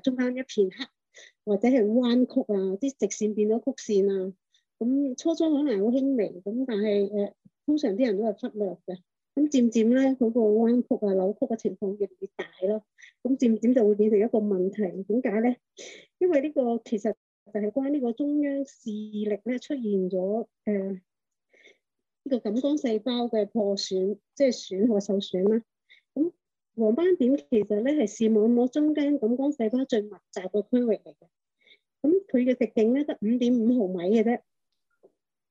中間一片黑，或者係彎曲啊，啲直線變咗曲線啊。咁初初可能好輕微，咁但係誒、呃，通常啲人都係忽略嘅。咁漸漸咧，嗰、那個彎曲啊、扭曲嘅情況越嚟越大咯。咁漸漸就會變成一個問題。點解咧？因為呢個其實就係關呢個中央視力咧出現咗誒呢個感光細胞嘅破損，即係損害、受損啦。黃斑點其實咧係視網膜中間感光細胞最密集嘅區域嚟嘅，咁佢嘅直徑咧得五點五毫米嘅啫。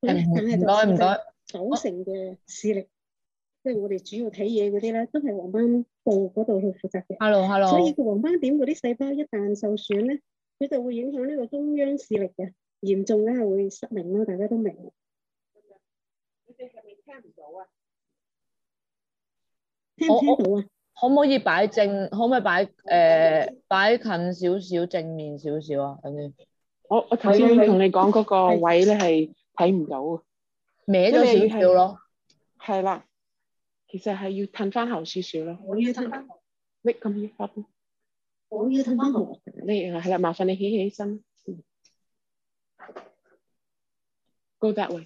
唔該唔該，九 成嘅視力，即係謝我哋主要睇嘢嗰啲咧，都係黃斑部嗰度去負責嘅。Hello，Hello hello.。所以個黃斑點嗰啲細胞一旦受損咧，佢就會影響呢個中央視力嘅，嚴重咧係會失明咯。大家都明。聽唔到啊？聽唔聽到啊？可唔可以擺正？可唔可以擺誒、呃、 擺近少少正面少少啊？等我我頭先同你講嗰個位咧係睇唔到啊，歪咗少少咯。係啦，其實係要褪翻後少少咯。我要褪翻後，你咁樣發我要褪翻後。你係啦，麻煩你起起身。 Go that way。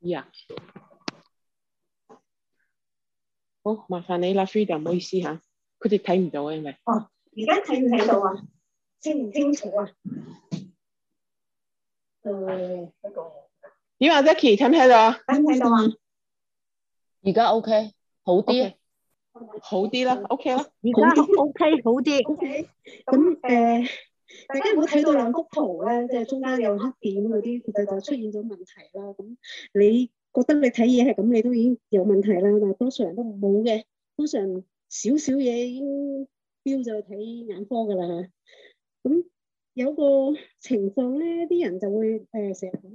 Yeah. 好麻煩你啦，Frida，唔好意思吓，佢哋睇唔到係咪？哦，而家睇唔睇到啊？清唔清楚啊？誒，呢個點啊，Jacky，睇唔睇到啊？睇唔睇到啊？而家 OK，好啲，好啲啦，OK 啦，而家 OK，好啲，OK。咁誒，大家有冇睇到兩幅圖咧，即係中間有黑點嗰啲，就就出現咗問題啦。咁你。覺得你睇嘢係咁，你都已經有問題啦。但係多數人都冇嘅，通常少少嘢已經標咗去睇眼科噶啦嚇。咁有個情況咧，啲人就會誒成日講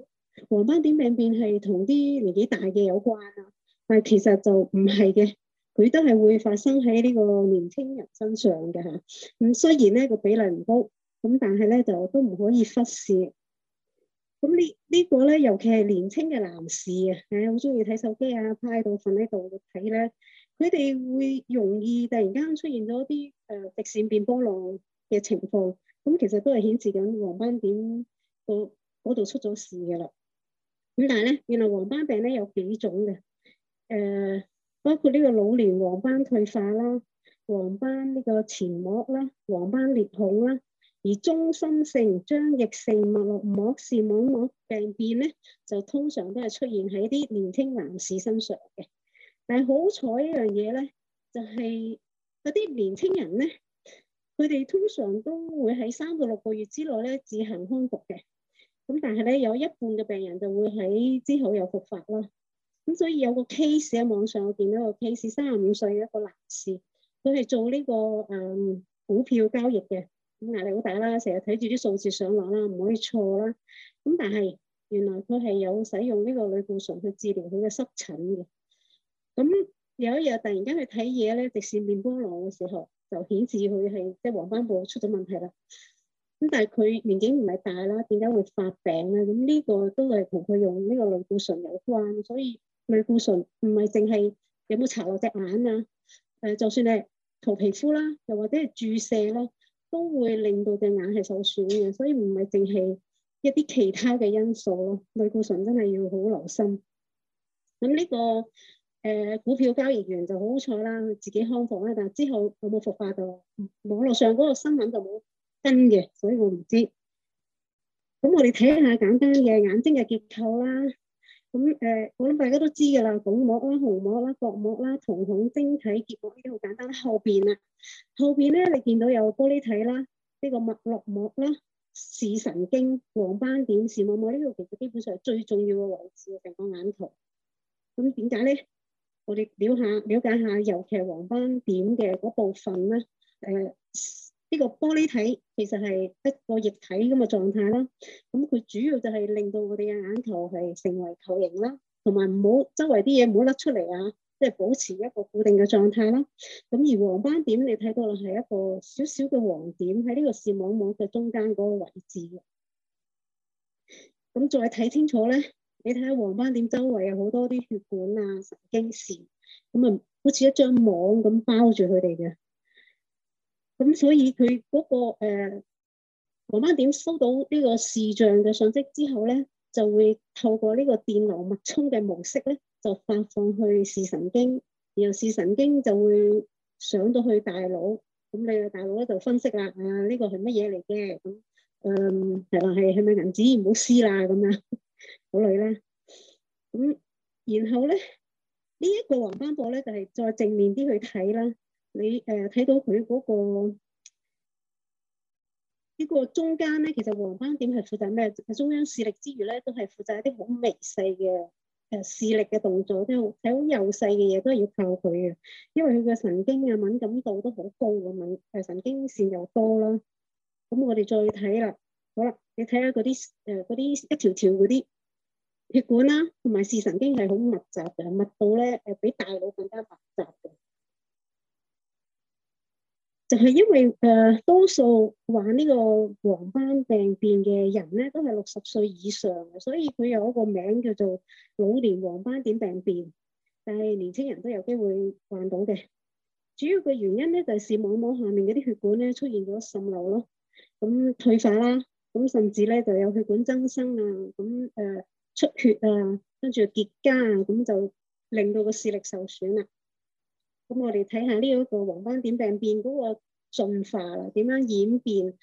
黃斑點病變係同啲年紀大嘅有關啊，但係其實就唔係嘅，佢都係會發生喺呢個年青人身上嘅嚇。咁雖然咧個比例唔高，咁但係咧就都唔可以忽視。咁呢呢個咧，尤其係年輕嘅男士啊，誒好中意睇手機啊，派到瞓喺度睇咧，佢哋會容易突然間出現咗啲誒直線變波浪嘅情況，咁、嗯、其實都係顯示緊黃斑點個嗰度出咗事嘅啦。咁但係咧，原來黃斑病咧有幾種嘅，誒、呃、包括呢個老年黃斑退化啦、黃斑呢個前膜啦，黃斑裂孔啦。而中心性、漿液性、脈絡膜視網膜病變咧，就通常都係出現喺啲年輕男士身上嘅。但係好彩一樣嘢咧，就係嗰啲年輕人咧，佢哋通常都會喺三到六個月之內咧自行康復嘅。咁但係咧，有一半嘅病人就會喺之後又復發啦。咁所以有個 case 喺網上我見到個 case，三十五歲嘅一個男士，佢係做呢、呢個誒、嗯、股票交易嘅。壓力好大啦，成日睇住啲數字上落啦，唔可以錯啦。咁但係原來佢係有使用呢個類固醇去治療佢嘅濕疹嘅。咁有一日突然間去睇嘢咧，直線變波浪嘅時候，就顯示佢係即係黃斑部出咗問題啦。咁但係佢年紀唔係大啦，點解會發病咧？咁呢個都係同佢用呢個類固醇有關，所以類固醇唔係淨係有冇搽落隻眼啊？誒，就算係塗皮膚啦，又或者係注射咯。都會令到隻眼係受損嘅，所以唔係淨係一啲其他嘅因素咯。類固醇真係要好留心。咁呢、呢個誒、呃、股票交易員就好彩啦，自己康復啦，但之後有冇復發到？網絡上嗰個新聞就冇跟嘅，所以我唔知。咁我哋睇下簡單嘅眼睛嘅結構啦。咁誒、呃，我諗大家都知噶啦，鞏膜啦、虹膜啦、角膜啦、瞳孔晶體結膜呢啲好簡單。後邊啊，後邊咧，你見到有玻璃體啦，呢、這個脈絡膜啦、視神經、黃斑點、視網膜呢度，其實基本上係最重要嘅位置，定、這個眼圖。咁點解咧？我哋了下了解下，尤其係黃斑點嘅嗰部分啦，誒、呃。呢個玻璃體其實係一個液體咁嘅狀態啦，咁佢主要就係令到我哋嘅眼球係成為球形啦，同埋唔好周圍啲嘢唔好甩出嚟啊，即係保持一個固定嘅狀態啦。咁而黃斑點你睇到啦，係一個少少嘅黃點喺呢個視網膜嘅中間嗰個位置嘅。咁再睇清楚咧，你睇下黃斑點周圍有好多啲血管啊、神經線，咁啊，好似一張網咁包住佢哋嘅。咁所以佢嗰、那個誒、呃、黃斑點收到呢個視像嘅訊息之後咧，就會透過呢個電腦脈衝嘅模式咧，就發放去視神經，然後視神經就會上到去大腦，咁你嘅大腦咧就分析啦，啊呢、這個係乜嘢嚟嘅咁，誒係話係係咪銀紙唔好撕啦咁樣好耐啦，咁然後咧呢一、這個黃斑部咧就係、是、再正面啲去睇啦。你誒睇到佢嗰個呢個中間咧，其實黃斑點係負責咩，中央視力之餘咧，都係負責一啲好微細嘅誒視力嘅動作，都睇好幼細嘅嘢都係要靠佢嘅，因為佢個神經啊敏感度都好高嘅，敏誒神經線又多啦。咁我哋再睇啦，好啦，你睇下嗰啲誒啲一條條嗰啲血管啦，同埋視神經係好密集嘅，密度咧誒比大腦更加密集嘅。就係因為誒、呃、多數患呢個黃斑病變嘅人咧，都係六十歲以上嘅，所以佢有一個名叫做老年黃斑點病變。但係年輕人都有機會患到嘅。主要嘅原因咧，就係視網膜下面嗰啲血管咧，出現咗滲漏咯，咁退化啦，咁甚至咧就有血管增生啊，咁誒、呃、出血啊，跟住結痂啊，咁就令到個視力受損啊。咁我哋睇下呢一個黃斑點病變嗰個進化啦，點樣演變？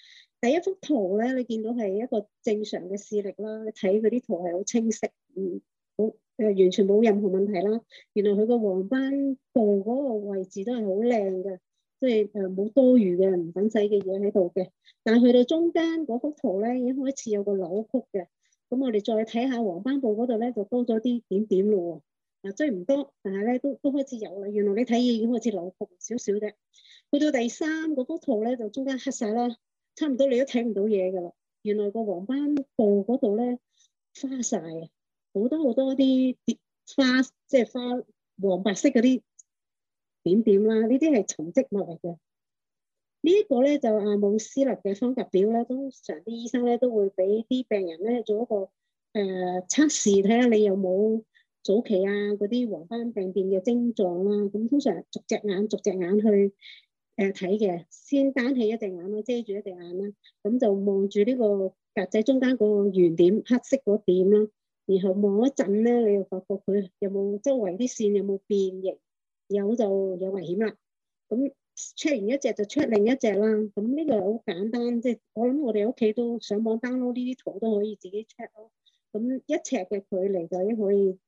第一幅圖咧，你見到係一個正常嘅視力啦，你睇佢啲圖係好清晰，嗯，好、呃、誒完全冇任何問題啦。原來佢個黃斑部嗰個位置都係好靚嘅，即係誒冇多餘嘅唔等使嘅嘢喺度嘅。但係去到中間嗰幅圖咧，已經開始有個扭曲嘅。咁我哋再睇下黃斑部嗰度咧，就多咗啲點點咯喎。嗱，追唔多，但係咧都都開始有啦。原來你睇嘢已經開始扭曲少少嘅。去到第三嗰套圖咧，就中間黑晒啦，差唔多你都睇唔到嘢噶啦。原來個黃斑部嗰度咧花晒，好多好多啲花，即係花黃白色嗰啲點點啦。積這個、呢啲係沉積物嚟嘅。呢一個咧就阿、啊、姆斯立嘅方格表咧，通常啲醫生咧都會俾啲病人咧做一個誒測試，睇、呃、下你有冇。早期啊，嗰啲黃斑病變嘅症狀啦，咁通常逐隻眼逐隻眼去誒睇嘅，先單起一隻眼啦，遮住一隻眼啦，咁就望住呢個格仔中間嗰個圓點，黑色嗰點啦，然後望一陣咧，你又發覺佢有冇周圍啲線有冇變形，有就有危險啦。咁 check 完一隻就 check 另一隻啦，咁呢個好簡單，即係我諗我哋屋企都上網 download 呢啲圖都可以自己 check 咯。咁一尺嘅距離就已經可以，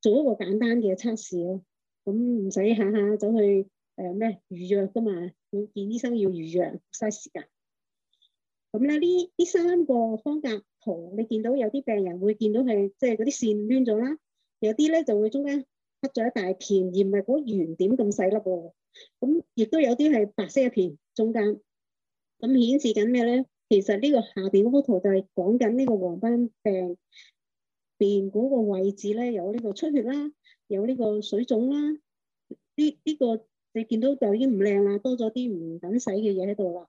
做一個簡單嘅測試咯，咁唔使下下走去誒咩預約噶嘛，見醫生要預約，嘥時間。咁咧呢呢三個方格圖，你見到有啲病人會見到係即係嗰啲線攣咗啦，有啲咧就會中間黑咗一大片，而唔係嗰圓點咁細粒。咁亦都有啲係白色一片中間，咁顯示緊咩咧？其實呢個下邊嗰幅圖就係講緊呢個黃斑病便嗰個位置咧，有呢個出血啦，有呢個水腫啦，呢呢、呢個你見到就已經唔靚啦，多咗啲唔等使嘅嘢喺度啦。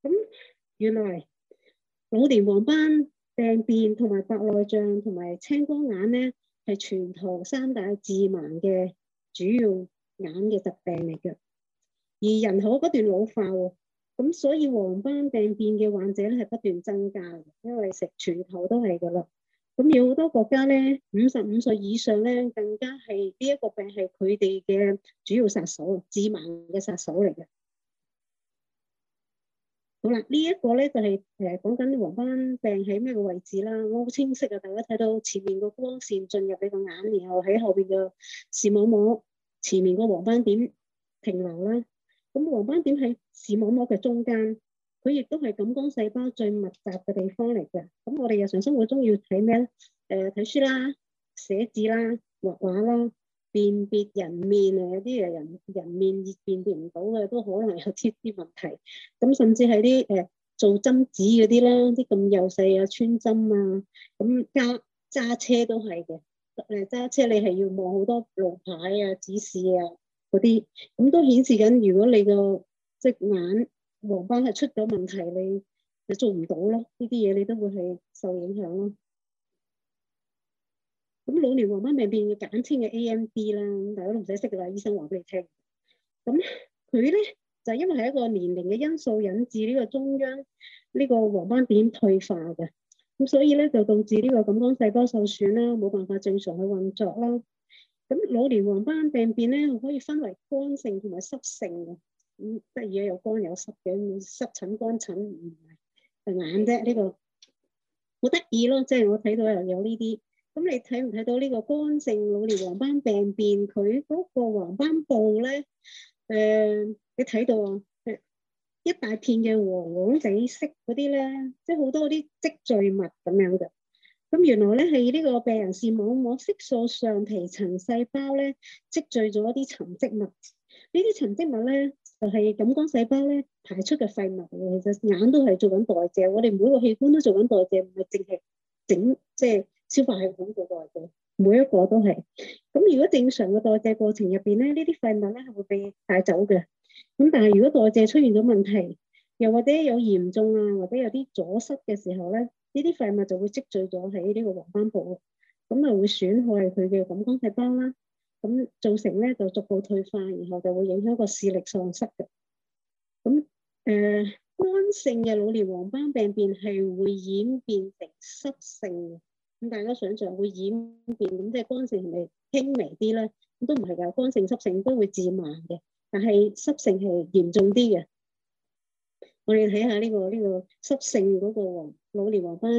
咁原來老年黃斑病變同埋白內障同埋青光眼咧，係全球三大致盲嘅主要眼嘅疾病嚟嘅。而人口不斷老化喎。咁所以黃斑病變嘅患者咧係不斷增加，因為食全球都係㗎啦。咁有好多國家咧，五十五歲以上咧更加係呢一個病係佢哋嘅主要殺手，致盲嘅殺手嚟嘅。好啦，這個、呢一個咧就係誒講緊黃斑病喺咩個位置啦。我好清晰啊，大家睇到前面個光線進入你個眼，然後喺後邊嘅視網膜前面個黃斑點停留啦。咁黃斑點喺視網膜嘅中間，佢亦都係感光細胞最密集嘅地方嚟嘅。咁我哋日常生活中要睇咩咧？誒、呃、睇書啦，寫字啦，畫畫啦，辨別人面啊，有啲誒人人面而辨別唔到嘅，都可能有視力問題。咁甚至係啲誒做針子嗰啲啦，啲咁幼細啊穿針啊，咁揸揸車都係嘅。誒揸車你係要望好多路牌啊指示啊。嗰啲咁都顯示緊，如果你個隻、就是、眼黃斑係出咗問題，你就做唔到咯。呢啲嘢你都會係受影響咯。咁老年黃斑病變簡稱嘅 AMD 啦，大家都唔使識噶啦，醫生話俾你聽。咁佢咧就因為係一個年齡嘅因素引致呢個中央呢、呢個黃斑點退化嘅，咁所以咧就導致呢個感光細胞受損啦，冇辦法正常去運作啦。咁老年黃斑病變咧，可以分為乾性同埋濕性嘅。咁、嗯、得意啊，有乾有濕嘅，濕疹、乾疹，唔係隻眼啫。呢、這個好得意咯，即係、就是、我睇到又有呢啲。咁你睇唔睇到呢個乾性老年黃斑病變？佢嗰個黃斑部咧，誒、呃，你睇到啊，誒一大片嘅黃黃哋色嗰啲咧，即係好多啲積聚物咁樣嘅。咁原來咧係呢個病人視網膜色素上皮層細胞咧積聚咗一啲沉積物，呢啲沉積物咧就係、是、感光細胞咧排出嘅廢物。其實眼都係做緊代謝，我哋每個器官都做緊代謝，唔係淨係整即係、就是、消化系統做代謝，每一個都係。咁如果正常嘅代謝過程入邊咧，呢啲廢物咧係會被帶走嘅。咁但係如果代謝出現咗問題，又或者有嚴重啊，或者有啲阻塞嘅時候咧。呢啲廢物就會積聚咗喺呢個黃斑部咯，咁啊會損害佢嘅感光細胞啦，咁造成咧就逐步退化，然後就會影響個視力喪失嘅。咁誒，乾性嘅老年黃斑病變係會演變成濕性嘅。咁大家想象會演變，咁即係乾性係咪輕微啲咧？咁都唔係㗎，乾性濕性都會致盲嘅，但係濕性係嚴重啲嘅。我哋睇下呢個呢個濕性嗰個黃老年黃斑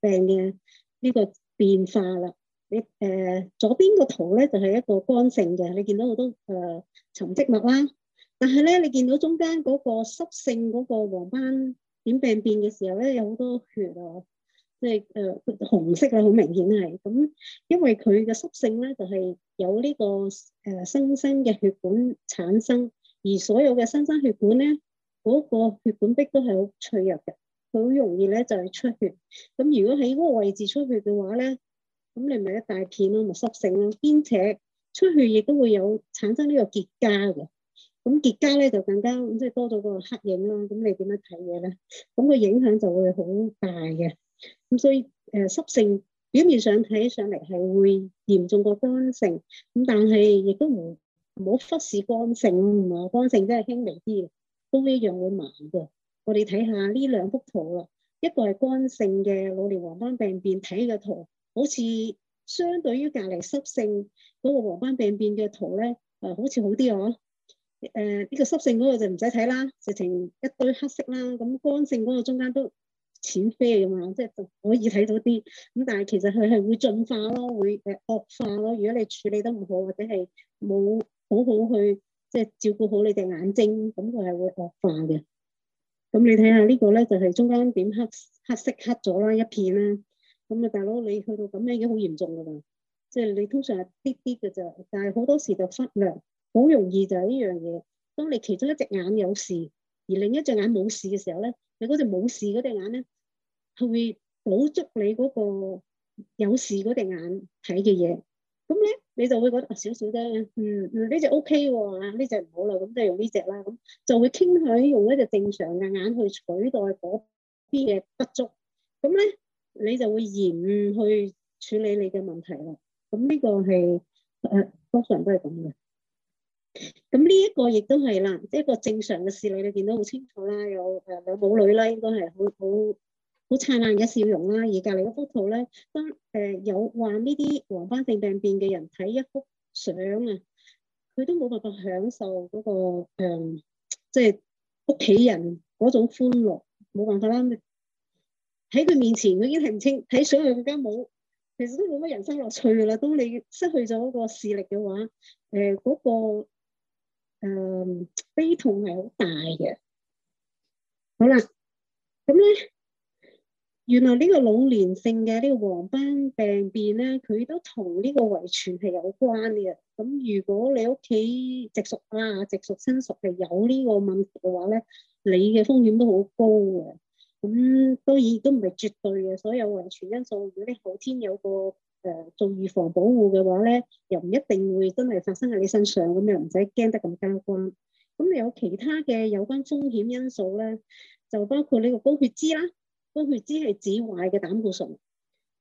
病嘅呢個變化啦。你誒左邊個圖咧就係一個乾性嘅，你見到好多誒沉積物啦。但係咧，你見到中間嗰個濕性嗰個黃斑點病變嘅時候咧，有好多血啊，即係誒紅色啦，好明顯係。咁因為佢嘅濕性咧，就係有呢個誒新生嘅血管產生，而所有嘅新生血管咧。嗰個血管壁都係好脆弱嘅，佢好容易咧就係出血。咁如果喺嗰個位置出血嘅話咧，咁你咪一大片咯，咪濕性咯，兼且出血亦都會有產生呢個結痂嘅。咁結痂咧就更加即係多咗個黑影咯。咁你點樣睇嘢咧？咁個影響就會好大嘅。咁所以誒、呃、濕性表面上睇上嚟係會嚴重過乾性，咁但係亦都唔唔好忽視乾性，唔係乾性真係輕微啲。都一樣會盲嘅。我哋睇下呢兩幅圖啦，一個係乾性嘅老年黃斑病，病變睇嘅圖，好似相對於隔離濕性嗰、那個黃斑病，病變嘅圖咧，誒好似好啲哦。誒、呃、呢、這個濕性嗰個就唔使睇啦，直情一堆黑色啦。咁乾性嗰個中間都淺啡咁樣，即係就是、可以睇到啲。咁但係其實佢係會進化咯，會誒惡化咯。如果你處理得唔好，或者係冇好好去。即係照顧好你隻眼睛，咁佢係會惡化嘅。咁你睇下呢個咧，就係中間點黑黑色黑咗啦一片啦。咁啊，大佬你去到咁樣已經好嚴重噶啦。即係你通常係啲啲嘅就，但係好多時就忽略，好容易就係呢樣嘢。當你其中一隻眼有事，而另一隻眼冇事嘅時候咧，你嗰隻冇事嗰隻眼咧，係會捕捉你嗰個有事嗰隻眼睇嘅嘢。咁咧。你就會覺得少少啫。嗯呢隻 O K 喎嚇，呢隻唔好啦，咁就用呢隻啦，咁就會傾向用一隻正常嘅眼去取代嗰啲嘢不足，咁咧你就會延誤去處理你嘅問題啦。咁呢個係誒，通常都係咁嘅。咁呢一個亦都係啦，即係一個正常嘅視力你見到好清楚啦，有誒兩母女啦，應該係好好。好燦爛嘅笑容啦，而隔籬幅圖咧，當誒有患呢啲黃斑性病變嘅人睇一幅相啊，佢都冇辦法享受嗰個誒，即係屋企人嗰種歡樂，冇辦法啦。喺佢面前，佢已經睇唔清睇相，去更加冇，其實都冇乜人生樂趣噶啦。當你失去咗嗰個視力嘅話，誒、呃、嗰個誒、嗯、悲痛係好大嘅。好啦，咁咧。原來呢個老年性嘅呢個黃斑病變咧，佢都同呢個遺傳係有關嘅。咁如果你屋企直屬啦、啊、直屬親屬係有個呢個問題嘅話咧，你嘅風險都好高嘅。咁當然都唔係絕對嘅，所有遺傳因素。如果你後天有個誒、呃、做預防保護嘅話咧，又唔一定會真係發生喺你身上，咁又唔使驚得咁驚心。咁有其他嘅有關風險因素咧，就包括呢個高血脂啦。高血脂係指壞嘅膽固醇，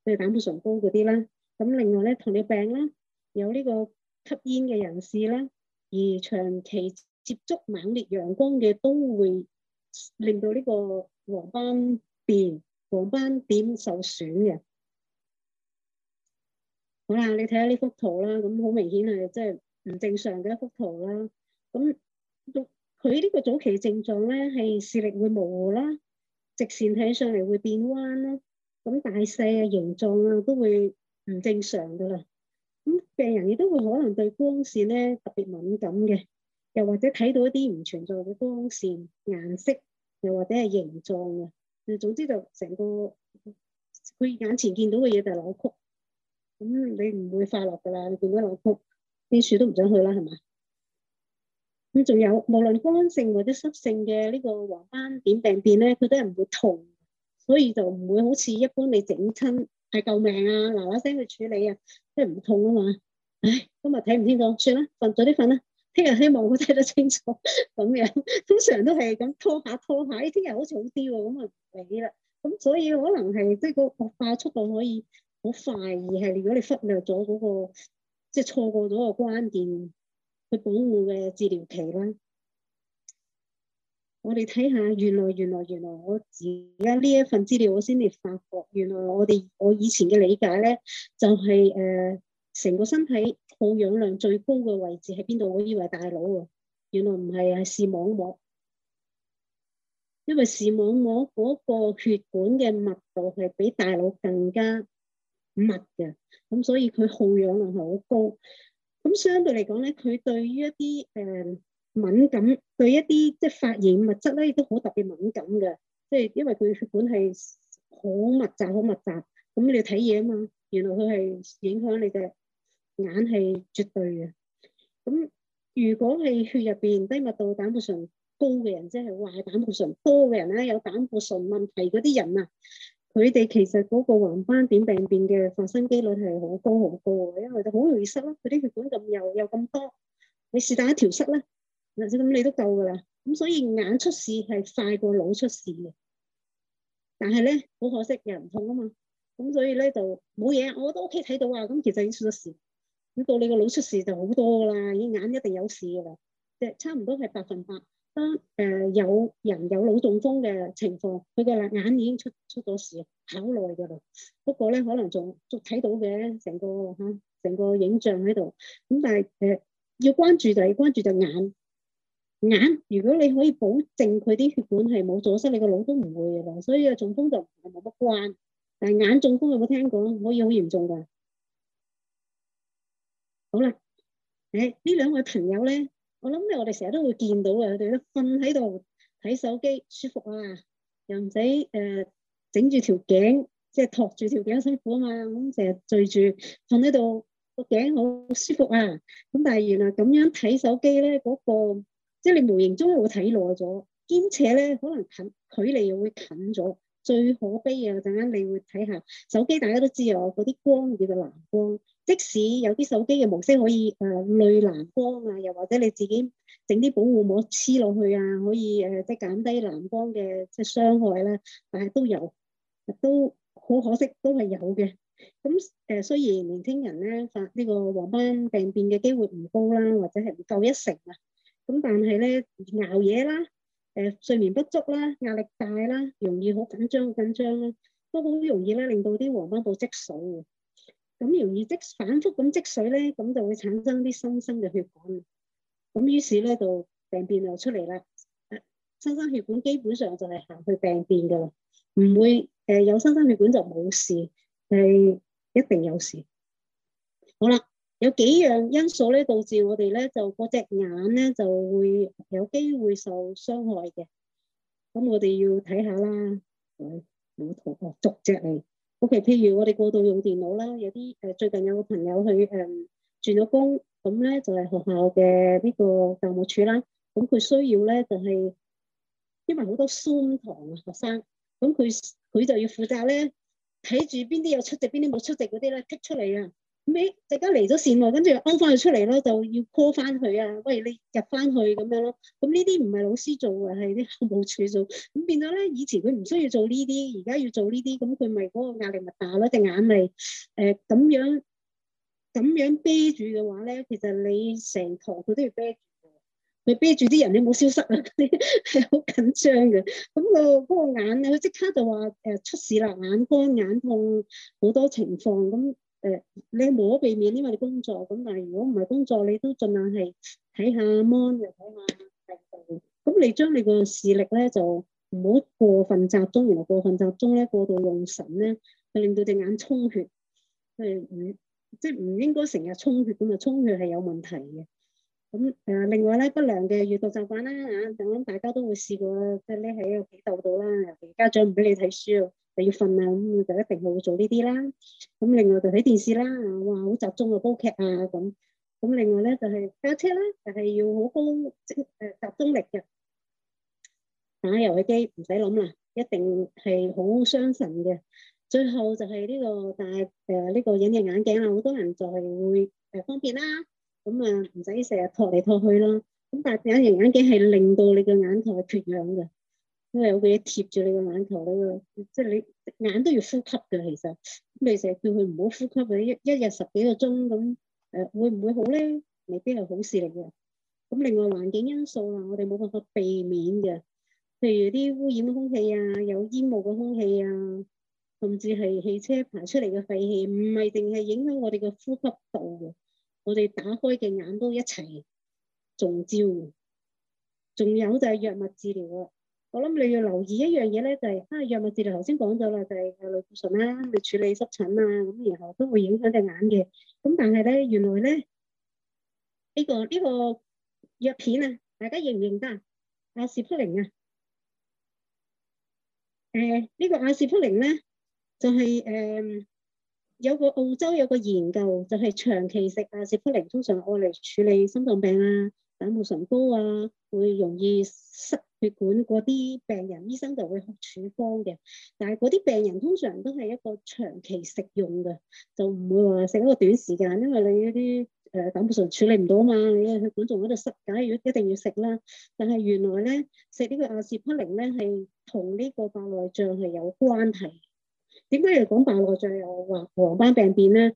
即係膽固醇高嗰啲啦。咁另外咧，糖尿病啦，有呢個吸煙嘅人士啦，而長期接觸猛烈陽光嘅都會令到呢個黃斑變、黃斑點受損嘅。好啦，你睇下呢幅圖啦，咁好明顯係即係唔正常嘅一幅圖啦。咁早佢呢個早期症狀咧，係視力會模糊啦。直線睇上嚟會變彎啦，咁大細啊、形狀啊都會唔正常噶啦。咁病人亦都會可能對光線咧特別敏感嘅，又或者睇到一啲唔存在嘅光線、顏色，又或者係形狀啊。誒，總之就成個佢眼前見到嘅嘢就係扭曲咁，你唔會快樂噶啦。你見到扭曲，邊處都唔想去啦，係嘛？咁仲有，無論乾性或者濕性嘅呢個黃斑點病變咧，佢都係唔會痛，所以就唔會好似一般你整親係救命啊嗱嗱聲去處理啊，即係唔痛啊嘛。唉，今日睇唔清楚，算啦，瞓早啲瞓啦。聽日希望我睇得清楚咁樣，通常都係咁拖下拖下。呢聽日好似好啲喎，咁啊唔理啦。咁所以可能係即係個惡化速度可以好快，而係如果你忽略咗嗰個，即係錯過咗個關鍵。佢保護嘅治療期啦，我哋睇下，原來原來原來，我而家呢一份資料我先至發覺，原來我哋我，我，我以前嘅理解咧，就係誒成個身體耗氧量最高嘅位置喺邊度？我以為大腦喎，原來唔係，係視網膜，因為視網膜嗰個血管嘅密度係比大腦更加密嘅，咁所以佢耗氧量係好高。咁相對嚟講咧，佢對於一啲誒敏感，對一啲即係發炎物質咧，亦都好特別敏感嘅。即係因為佢血管係好密集，好密集。咁你睇嘢啊嘛，原來佢係影響你嘅眼係絕對嘅。咁如果係血入邊低密度膽固醇高嘅人，即係壞膽固醇多嘅人咧，有膽固醇問題嗰啲人啊。佢哋其實嗰個黃斑點病變嘅發生機率係好高好高啊，因為就好容易塞咯，佢啲血管咁幼又咁多，你是但一條塞咧，嗱咁你都夠噶啦。咁所以眼出事係快過腦出事嘅，但係咧好可惜又唔痛啊嘛，咁所以咧就冇嘢，我都屋企睇到啊，咁其實已經出咗事，要到你個腦出事就好多啦，已經眼一定有事噶啦，即係差唔多係百分百。當誒有人有腦中風嘅情況，佢嘅眼已經出出咗事，好耐嘅啦。不過咧，可能仲睇到嘅成個嚇成個影像喺度。咁但係誒要關注就係關注隻眼眼。如果你可以保證佢啲血管係冇阻塞，你個腦都唔會嘅啦。所以啊，中風就係冇乜關。但係眼中風有冇聽過？可以好嚴重㗎。好啦，誒呢兩位朋友咧。我諗咧，我哋成日都會見到啊，佢哋都瞓喺度睇手機，舒服啊，又唔使誒整住條頸，即係托住條頸辛苦啊嘛。咁成日聚住瞓喺度，個頸好舒服啊。咁但係原來咁樣睇手機咧，嗰個，即係你無形中會睇耐咗，兼且咧可能近距離又會近咗。最可悲嘅，陣間你會睇下手機，大家都知啊，嗰啲光叫做藍光。即使有啲手機嘅模式可以誒濾、呃、藍光啊，又或者你自己整啲保護膜黐落去啊，可以誒、呃、即係減低藍光嘅即係傷害啦。但係都有，都好可惜，都係有嘅。咁誒、呃、雖然年輕人咧發呢個黃斑病變嘅機會唔高啦，或者係唔夠一成啊。咁但係咧熬夜啦～誒、呃，睡眠不足啦，壓力大啦，容易好緊張，好緊張啦，都好容易啦，令到啲黃斑部積水嘅。咁容易積反覆咁積水咧，咁就會產生啲新生嘅血管。咁於是咧就病變又出嚟啦。誒，新生血管基本上就係行去病變噶啦，唔會誒、呃、有新生血管就冇事，但係一定有事。好啦。有幾樣因素咧，導致我哋咧就嗰隻眼咧就會有機會受傷害嘅。咁我哋要睇下啦。我同我逐隻嚟。O.K.，譬如我哋過度用電腦啦，有啲誒、呃、最近有個朋友去誒、嗯、轉咗工，咁咧就係、是、學校嘅呢個教務處啦。咁佢需要咧就係、是、因為好多 Zoom 堂啊學生，咁佢佢就要負責咧睇住邊啲有出席，邊啲冇出席嗰啲咧剔出嚟啊。突然間嚟咗線喎，跟住勾翻佢出嚟咯，就要 call 翻佢啊！喂，你入翻去咁樣咯，咁呢啲唔係老師做嘅，係啲校務處做。咁變咗咧，以前佢唔需要做呢啲，而家要做呢啲，咁佢咪嗰個壓力咪大咯？隻眼咪誒咁樣咁樣啤住嘅話咧，其實你成堂佢都要啤住佢，啤住啲人你冇消失啊，係 好緊張嘅。咁、嗰個嗰、嗰個眼佢即刻就話誒出事啦，眼乾眼痛好多情況，咁誒。呃你無可避免，因為你工作咁。但係如果唔係工作，你都儘量係睇下 mon，又睇下地圖。咁你將你個視力咧就唔好過分集中，原來過分集中咧過度用神咧，就令到隻眼充血。誒唔，即係唔應該成日充血，咁啊充血係有問題嘅。咁誒，另外咧不良嘅閱讀習慣啦，啊，咁大家都會試過即係匿喺屋企竇度啦，尤其家長唔俾你睇書。你要瞓啊，咁啊就一定係會做呢啲啦。咁另外就睇電視啦，哇，好集中嘅煲劇啊咁。咁另外咧就係揸車啦，就係要好高誒集中力嘅。打遊戲機唔使諗啦，一定係好傷神嘅。最後就係呢個戴，戴誒呢個隱形眼鏡啦，好多人就係會誒、呃、方便啦。咁啊唔使成日托嚟托去咯。咁但係隱形眼鏡係令到你嘅眼球缺氧嘅。因為有個嘢貼住你個眼球咧，即係你眼都要呼吸嘅。其實咁，你成日叫佢唔好呼吸，一一日十幾個鐘咁，誒會唔會好咧？未必係好事嚟嘅。咁另外環境因素啦，我哋冇辦法避免嘅，譬如啲污染嘅空氣啊，有煙霧嘅空氣啊，甚至係汽車排出嚟嘅廢氣，唔係淨係影響我哋嘅呼吸道嘅，我哋打開嘅眼都一齊中招。仲有就係藥物治療啦。我諗你要留意一樣嘢咧，就係、是、啊，藥物治療頭先講到啦，就係類固醇啦、啊，你處理濕疹啊，咁然後都會影響隻眼嘅。咁但係咧，原來咧呢、這個呢、這個藥片啊，大家認唔認得？阿士匹靈啊，誒、啊、呢、呃這個阿士匹靈咧，就係、是、誒、呃、有個澳洲有個研究，就係、是、長期食阿士匹靈，通常愛嚟處理心臟病啊。膽固醇高啊，會容易塞血管嗰啲病人，醫生就會處方嘅。但係嗰啲病人通常都係一個長期食用嘅，就唔會話食一個短時間，因為你啲誒膽固醇處理唔到啊嘛，你血管仲喺度塞緊，如果一定要食啦。但係原來咧食呢個阿士匹靈咧係同呢個白內障係有關係。點解嚟講白內障有黃，黃斑病變咧？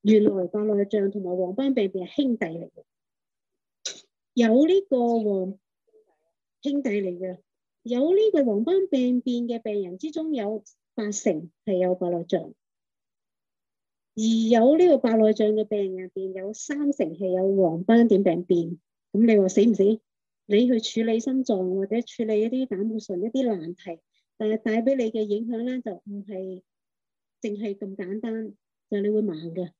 原來白內障同埋黃斑病變係兄弟嚟嘅。有呢個黃兄弟嚟嘅，有呢個黃斑病變嘅病人之中有八成係有白內障，而有呢個白內障嘅病人入邊有三成係有黃斑點病變。咁你話死唔死？你去處理心臟或者處理一啲膽固醇一啲難題，但係帶俾你嘅影響咧就唔係淨係咁簡單，就係你會盲嘅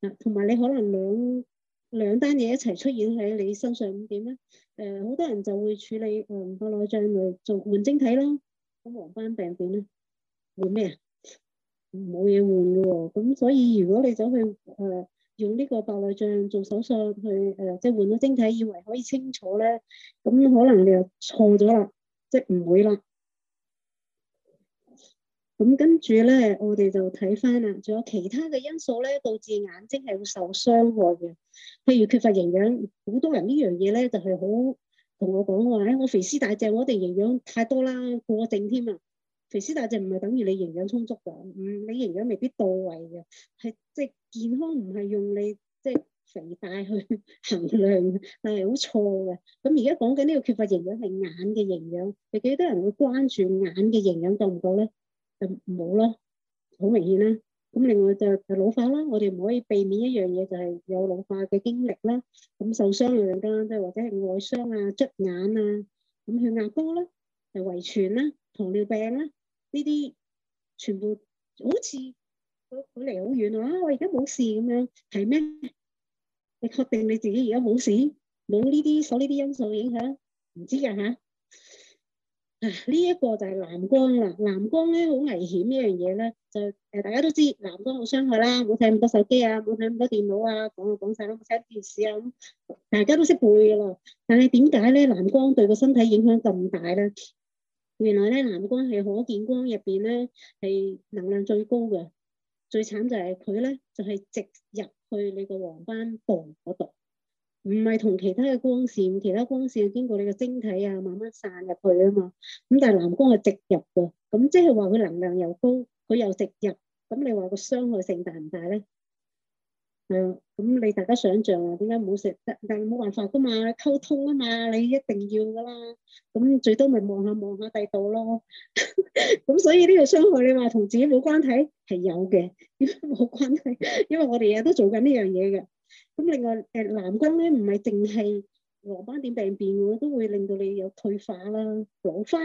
嗱，同埋你可能兩。兩單嘢一齊出現喺你身上咁點咧？誒，好、呃、多人就會處理誒白內障嚟做換晶體咯。咁黃斑病點咧換咩啊？冇嘢換嘅喎。咁所以如果你走去誒、呃、用呢個白內障做手術去誒、呃，即係換咗晶體以為可以清楚咧，咁可能你又錯咗啦，即係唔會啦。咁跟住咧，我哋就睇翻啦，仲有其他嘅因素咧，導致眼睛係會受傷害嘅。譬如缺乏營養，好多人呢樣嘢咧就係好同我講話，誒、哎，我肥絲大隻，我哋營養太多啦，過剩添啊！肥絲大隻唔係等於你營養充足嘅，唔、嗯，你營養未必到位嘅，係即係健康唔係用你即係、就是、肥大去衡量，但係好錯嘅。咁而家講緊呢個缺乏營養係眼嘅營養，有幾多人會關注眼嘅營養夠唔夠咧？可不可不可不可呢就冇啦，好明顯啦。咁另外就就老化啦，我哋唔可以避免一樣嘢就係、是、有老化嘅經歷啦。咁受傷又有即係或者係外傷啊、捽眼啊，咁血壓高啦，就遺傳啦、啊、糖尿病啦呢啲，全部好似佢佢離好遠啊！我而家冇事咁樣，係咩？你確定你自己而家冇事，冇呢啲受呢啲因素影響？唔知噶吓。啊啊！呢，這，一個就係藍光啦，藍光咧好危險樣，呢樣嘢咧，就誒大家都知藍光好傷害啦，冇睇咁多手機啊，冇睇咁多電腦啊，講就講晒，啦，冇睇電視啊，大家都識背噶啦。但係點解咧藍光對個身體影響咁大咧？原來咧藍光係可見光入邊咧係能量最高嘅，最慘就係佢咧就係，是，直入去你個黃斑部嗰度。唔係同其他嘅光線，其他光線經過你嘅晶體啊，慢慢散入去啊嘛。咁但係藍光係直入噶，咁即係話佢能量又高，佢又直入，咁你話個傷害性大唔大咧？係、嗯、啊，咁你大家想象啊，點解冇食得？但係冇辦法噶嘛，溝通啊嘛，你一定要噶啦。咁最多咪望下望下第二度咯。咁 所以呢個傷害，你話同自己冇關係係有嘅，冇關係？因為我哋日日都做緊呢樣嘢嘅。咁另外，誒，藍光咧唔係淨係黃斑點病變，都會令到你有退化啦，老花，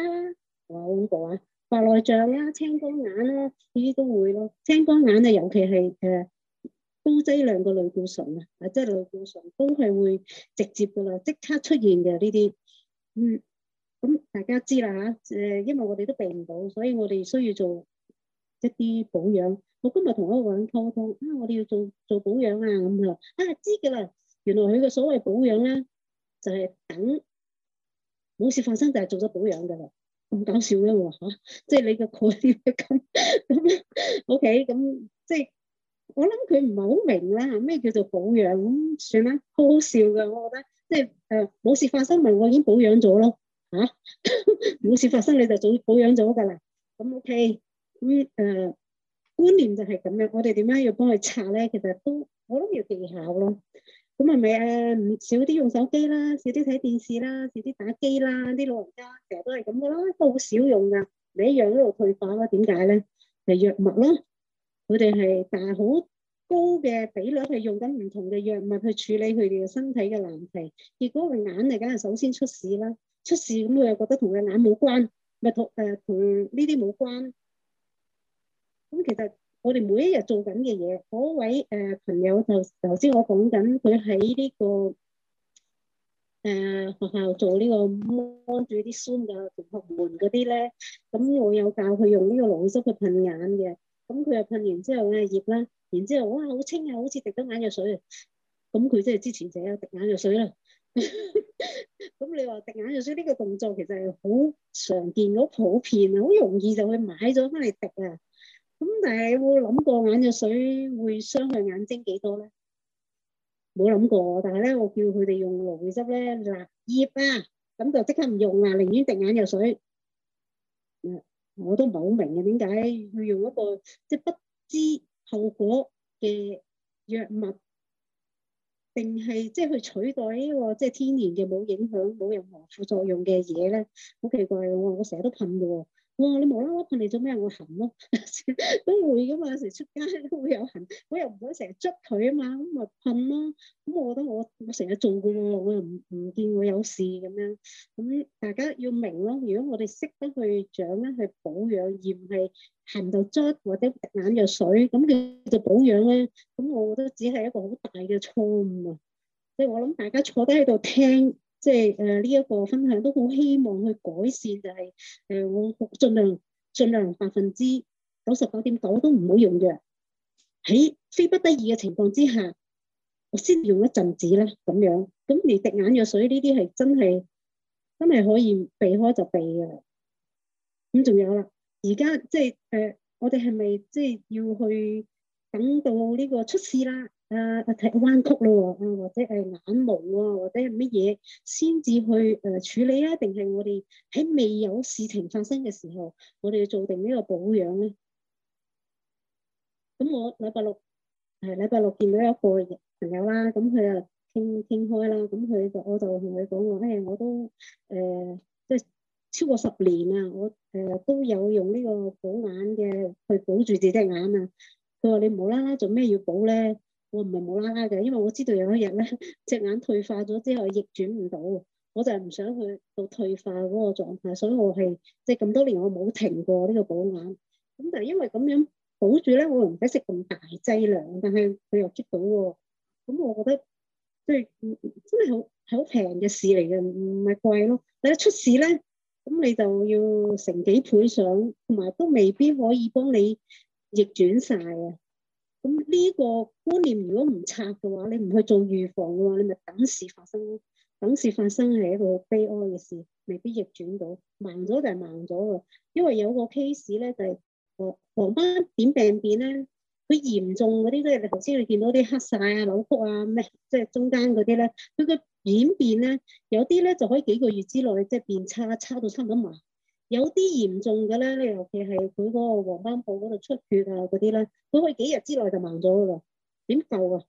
我有講過啊，白內障啦、青光眼啦，呢啲都會咯。青光眼啊，尤其係誒、呃、高劑量嘅類固醇啊，啊，即係類固醇都係會直接噶啦，即刻出現嘅呢啲。嗯，咁大家知啦吓，誒、呃，因為我哋都病唔到，所以我哋需要做。一啲保養，我今日同一個人溝通啊，我哋要做做保養啊，咁佢話啊知噶啦，原來佢嘅所謂保養咧就係、是、等冇事發生就係做咗保養噶啦，咁搞笑嘅我吓，即係你嘅概念咁咁 OK 咁即係我諗佢唔係好明啦，咩叫做保養咁算啦，好好笑噶，我覺得即係誒冇事發生咪我已經保養咗咯吓，冇、啊、 事發生你就做保養咗噶啦，咁 OK。咁誒、嗯呃、觀念就係咁樣，我哋點解要幫佢拆咧？其實都我諗要技巧咯。咁係咪啊？唔少啲用手機啦，少啲睇電視啦，少啲打機啦。啲老人家成日都係咁嘅啦，都好少用噶。你一樣喺度退化啦，點解咧？就係、藥物咯，佢哋係但係好高嘅比率係用緊唔同嘅藥物去處理佢哋嘅身體嘅難題。結果個眼嚟梗係首先出事啦。出事咁佢又覺得同佢眼冇關，咪同誒同呢啲冇關。咁其實我哋每一日做緊嘅嘢，嗰位誒、呃、朋友就頭先我講緊，佢喺呢個誒、呃、學校做呢、呢個摸住啲酸嘅同學們嗰啲咧，咁我有教佢用呢個硫酸去噴眼嘅，咁佢又噴完之後呢，梗係熱啦，然之後哇好清啊，好似滴咗眼藥水，咁佢即係之前就有滴眼藥水啦。咁 你話滴眼藥水呢個動作其實係好常見、好普遍啊，好容易就去買咗翻嚟滴啊。咁但係有冇諗過眼藥水會傷佢眼睛幾多咧？冇諗過，但係咧我叫佢哋用蘆薈汁咧，嗱，葉啊，咁就即刻唔用啦，寧願滴眼藥水。誒，我都唔係好明嘅，點解要用一個即係、就是、不知後果嘅藥物，定係即係去取代呢個即係、就是、天然嘅冇影響、冇任何副作用嘅嘢咧？好奇怪喎！我成日都噴嘅喎。哇！你無啦啦噴你做咩？我痕咯， 都會噶嘛。有時出街都會有痕，我又唔會成日捽佢啊嘛。咁咪噴咯。咁我覺得我我成日做過我又唔唔見我有事咁樣。咁大家要明咯。如果我哋識得去掌握去保養，而唔係痕到捽或者眼藥水，咁佢就保養咧。咁我覺得只係一個好大嘅錯誤啊！即係我諗大家坐低喺度聽。即係誒呢一個分享都好希望去改善，就係、是、誒、呃、我盡量盡量百分之九十九點九都唔好用藥，喺非不得已嘅情況之下，我先用一陣子啦咁樣。咁你滴眼藥水呢啲係真係真係可以避開就避嘅。咁仲有啦，而家即係誒，我哋係咪即係要去等到呢個出事啦？啊！睇彎曲咯，啊或者係眼矇啊，或者係乜嘢先至去誒處理啊？定係我哋喺未有事情發生嘅時候，我哋要做定呢個保養咧？咁我禮拜六誒禮拜六見到一個朋友啦，咁佢啊傾傾開啦，咁佢就我就同佢講話，誒我都誒即係超過十年啊，我誒都有用呢個保眼嘅去保住自己隻眼啊。佢話你無啦啦做咩要保咧？我唔係冇啦啦嘅，因為我知道有一日咧隻眼退化咗之後逆轉唔到，我就係唔想去到退化嗰個狀態，所以我係即係咁多年我冇停過呢個保眼。咁但係因為咁樣保住咧，我唔使食咁大劑量，但係佢又積到喎。咁我覺得即係真係好係好平嘅事嚟嘅，唔係貴咯。但係出事咧，咁你就要成幾倍上，同埋都未必可以幫你逆轉晒啊。咁呢個觀念如果唔拆嘅話，你唔去做預防嘅話，你咪等事發生，等事發生係一個悲哀嘅事，未必逆轉到，盲咗就係盲咗嘅。因為有個 case 咧，就係黃斑點病變咧，佢嚴重嗰啲咧，你頭先你見到啲黑晒啊、扭曲啊咩，即係中間嗰啲咧，佢個演變咧，有啲咧就可以幾個月之內即係變差，差到差唔多盲。有啲嚴重嘅咧，尤其係佢嗰個黃斑部嗰度出血啊呢，嗰啲咧，佢可以幾日之內就盲咗噶啦。點救啊？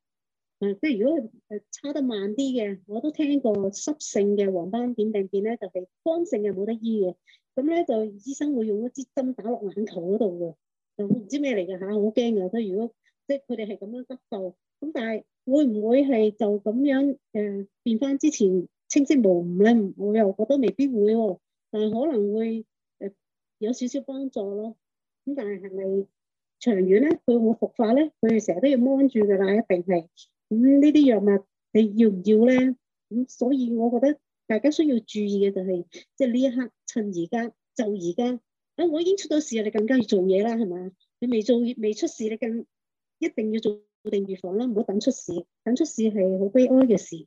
係即係如果誒差得慢啲嘅，我都聽過濕性嘅黃斑點病變咧，就係、是、乾性嘅冇得醫嘅。咁咧就醫生會用一支針打落眼球嗰度嘅，就唔知咩嚟嘅吓，好驚嘅。即係如果即係佢哋係咁樣急救，救，咁但係會唔會係就咁樣誒、呃、變翻之前清晰模糊咧？我又覺得未必會喎、哦。但可能會誒有少少幫助咯，咁但係係咪長遠咧？佢會復發咧？佢哋成日都要摸住嘅啦，一定係，咁呢啲藥物你要唔要咧？咁、嗯、所以我覺得大家需要注意嘅就係、是，即係呢一刻趁而家就而家，啊我已經出到事，你更加要做嘢啦，係咪？你未做未出事，你更一定要做定預防啦，唔好等出事，等出事係好悲哀嘅事。